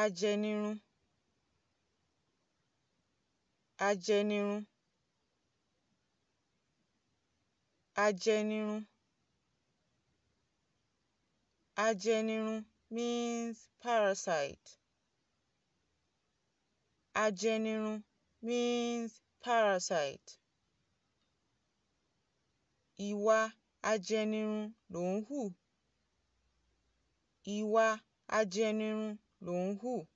ajenirun ajenirun ajenirun ajenirun means parasite ajenirun means parasite ìwà ajẹnirun lò ń hù ìwà ajẹnirun 农户。